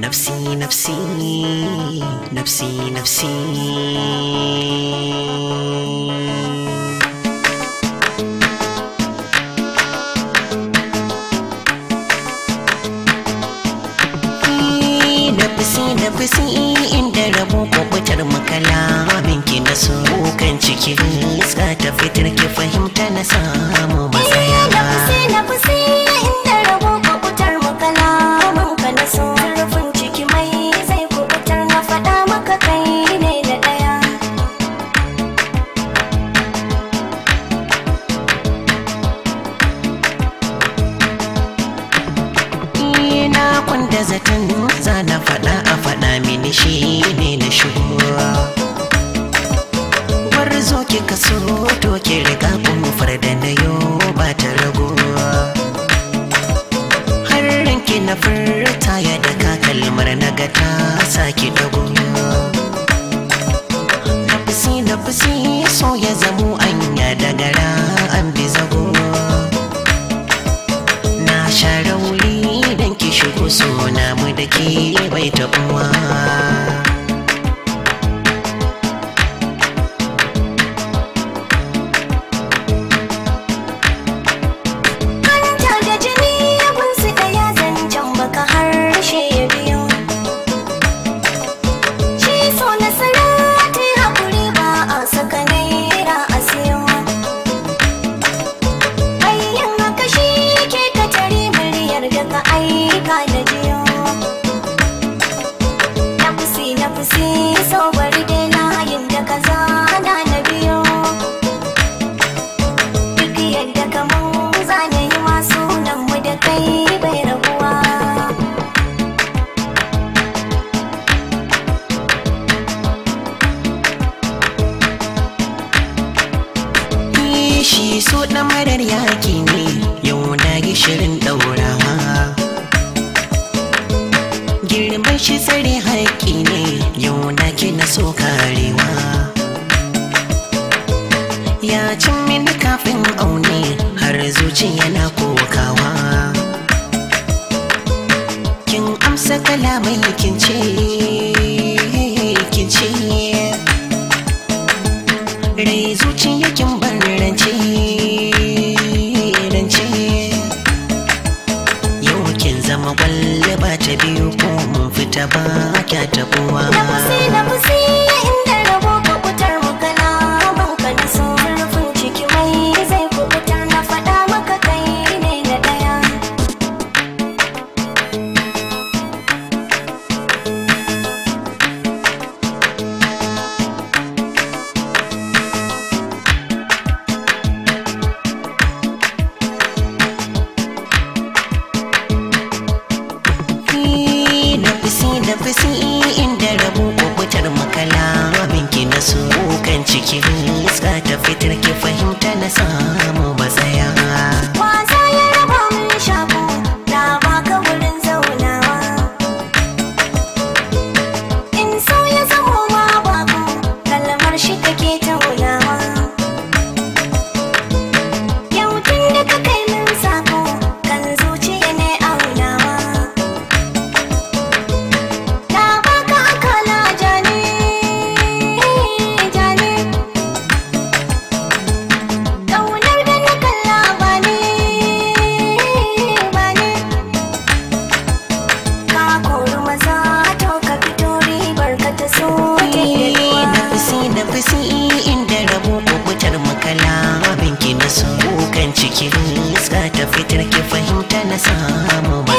nafsi nafsi nafsi nafsi nafsi nafsi inda rabo kwabutar makala minki na so kan cikin iska ta fitar ki fahimta na samu matsaya eh, da zaton za na faɗa a faɗa mini shi ne na shigo bar zo ki kaso to ki riga kumfar da na yo ba ta rago har ranki na furta ya ka kalmar na ga ta saki dago na fusi na fusi so ya zamo so na mu da ke bai tabuwa shi so ɗamarar yaƙi ne yau na gishirin ɗaurawa girman shi tsare haƙƙi ne yau na kina so karewa ya cin mini kafin aune har zuci yana kokawa kin amsa kalamai kin ce kin ce rai ba zama gwalle ba ta biyu ko mun fita ba kya tabuwa. Na fusi na fusi. da rabu ko makala abin ki na so kan cikin iska ta fitar ki fahimta na sa cikin iska ta fitar ki fahimta na samu